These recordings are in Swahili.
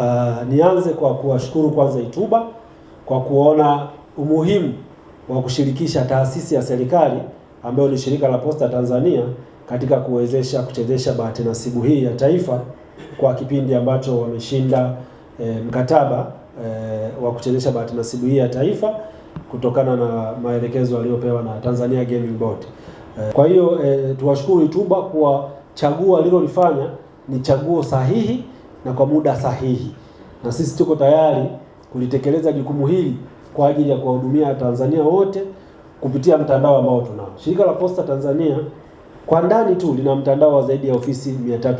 Uh, nianze kwa kuwashukuru kwanza Ituba kwa kuona umuhimu wa kushirikisha taasisi ya serikali ambayo ni shirika la Posta Tanzania katika kuwezesha kuchezesha bahati nasibu hii ya taifa kwa kipindi ambacho wameshinda e, mkataba e, wa kuchezesha bahati nasibu hii ya taifa kutokana na maelekezo aliyopewa na Tanzania Gaming Board. E, kwa hiyo e, tuwashukuru Ituba kwa chaguo alilolifanya ni chaguo sahihi na kwa muda sahihi, na sisi tuko tayari kulitekeleza jukumu hili kwa ajili ya kuwahudumia Watanzania wote kupitia mtandao ambao tunao. Shirika la Posta Tanzania kwa ndani tu lina mtandao wa zaidi ya ofisi 322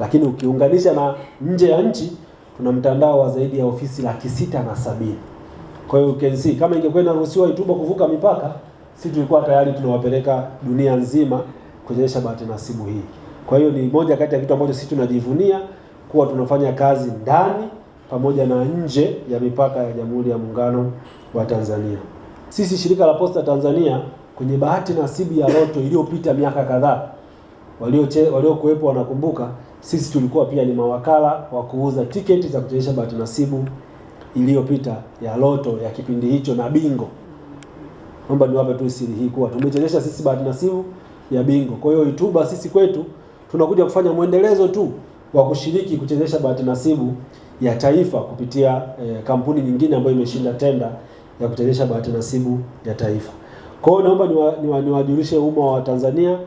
lakini ukiunganisha na nje ya nchi tuna mtandao wa zaidi ya ofisi laki sita na sabini. Kwa hiyo can see kama ingekuwa inaruhusiwa Ituba kuvuka mipaka, si tulikuwa tayari tunawapeleka dunia nzima kuonyesha bahati nasibu hii. Kwa hiyo ni moja kati ya kitu ambacho sisi tunajivunia kuwa tunafanya kazi ndani pamoja na nje ya mipaka ya Jamhuri ya Muungano wa Tanzania. Sisi shirika la Posta Tanzania kwenye bahati nasibu ya loto iliyopita miaka kadhaa, waliokuwepo walio wanakumbuka, sisi tulikuwa pia ni mawakala wa kuuza tiketi za kuchezesha bahati nasibu iliyopita ya loto ya kipindi hicho na bingo. Naomba niwape tu siri hii kuwa tumechezesha sisi bahati nasibu ya bingo. Kwa hiyo ituba sisi kwetu tunakuja kufanya mwendelezo tu wa kushiriki kuchezesha bahati nasibu ya taifa kupitia e, kampuni nyingine ambayo imeshinda tenda ya kuchezesha bahati nasibu ya taifa. Kwa hiyo naomba niwajulishe niwa, niwa umma wa Tanzania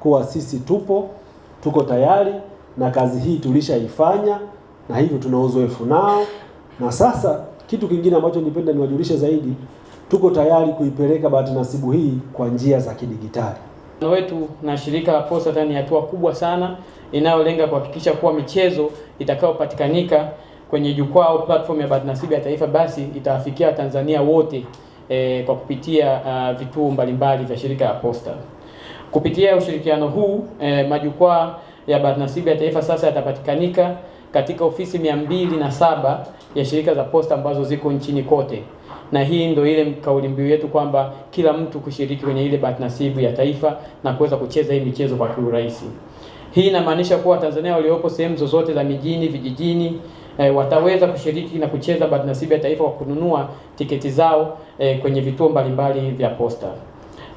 kuwa sisi tupo, tuko tayari na kazi hii tulishaifanya, na hivyo tuna uzoefu nao, na sasa kitu kingine ambacho nipenda niwajulishe zaidi, tuko tayari kuipeleka bahati nasibu hii kwa njia za kidigitali wetu na shirika la Posta ni hatua kubwa sana inayolenga kuhakikisha kuwa michezo itakayopatikanika kwenye jukwaa au platform ya bahati nasibu ya taifa basi itawafikia Watanzania wote e, kwa kupitia uh, vituo mbalimbali vya shirika la Posta. Kupitia ushirikiano huu e, majukwaa ya bahati nasibu ya taifa sasa yatapatikanika katika ofisi mia mbili na saba ya shirika za posta ambazo ziko nchini kote, na hii ndio ile kauli mbiu yetu kwamba kila mtu kushiriki kwenye ile bahati nasibu ya taifa na kuweza kucheza hii michezo kwa kiurahisi. Hii inamaanisha kuwa Tanzania waliopo sehemu zozote za mijini, vijijini E, wataweza kushiriki na kucheza bahati nasibu ya taifa kwa kununua tiketi zao e, kwenye vituo mbalimbali vya posta.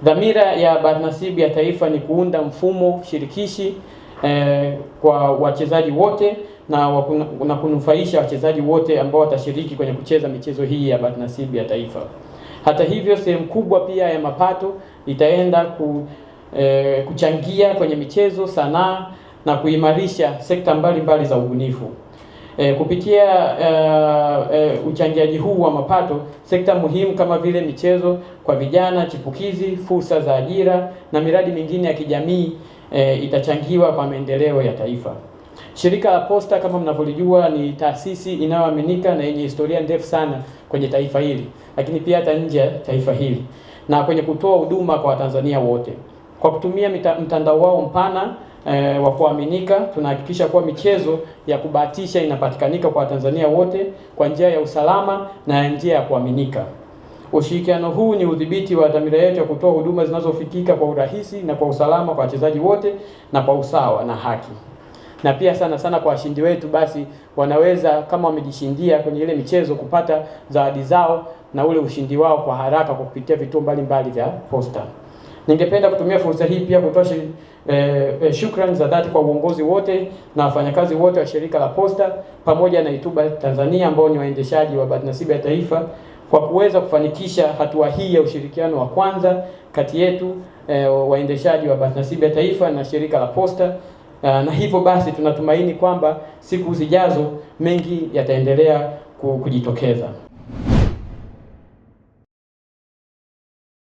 Dhamira ya bahati nasibu ya taifa ni kuunda mfumo shirikishi eh, kwa wachezaji wote na, wakuna, na kunufaisha wachezaji wote ambao watashiriki kwenye kucheza michezo hii ya bahati nasibu ya taifa. Hata hivyo, sehemu kubwa pia ya mapato itaenda ku, eh, kuchangia kwenye michezo, sanaa na kuimarisha sekta mbalimbali mbali za ubunifu. E, kupitia e, e, uchangiaji huu wa mapato, sekta muhimu kama vile michezo kwa vijana chipukizi, fursa za ajira na miradi mingine ya kijamii e, itachangiwa kwa maendeleo ya taifa. Shirika la Posta kama mnavyolijua ni taasisi inayoaminika na yenye historia ndefu sana kwenye taifa hili, lakini pia hata nje ya taifa hili na kwenye kutoa huduma kwa Watanzania wote. Kwa kutumia mtandao wao mpana e, wa kuaminika tunahakikisha kuwa michezo ya kubahatisha inapatikanika kwa Watanzania wote kwa njia ya usalama na njia ya kuaminika. Ushirikiano huu ni udhibiti wa dhamira yetu ya kutoa huduma zinazofikika kwa urahisi na kwa usalama kwa wachezaji wote na kwa usawa na haki. Na pia sana sana kwa washindi wetu, basi wanaweza kama wamejishindia kwenye ile michezo kupata zawadi zao na ule ushindi wao kwa haraka kwa kupitia vituo mbalimbali vya posta. Ningependa kutumia fursa hii pia kutoa eh, eh, shukrani za dhati kwa uongozi wote na wafanyakazi wote wa shirika la Posta pamoja na Ituba Tanzania ambao ni waendeshaji wa bahati nasibu ya taifa kwa kuweza kufanikisha hatua hii ya ushirikiano wa kwanza kati yetu eh, waendeshaji wa bahati nasibu ya taifa na shirika la Posta. na hivyo basi tunatumaini kwamba siku zijazo mengi yataendelea kujitokeza.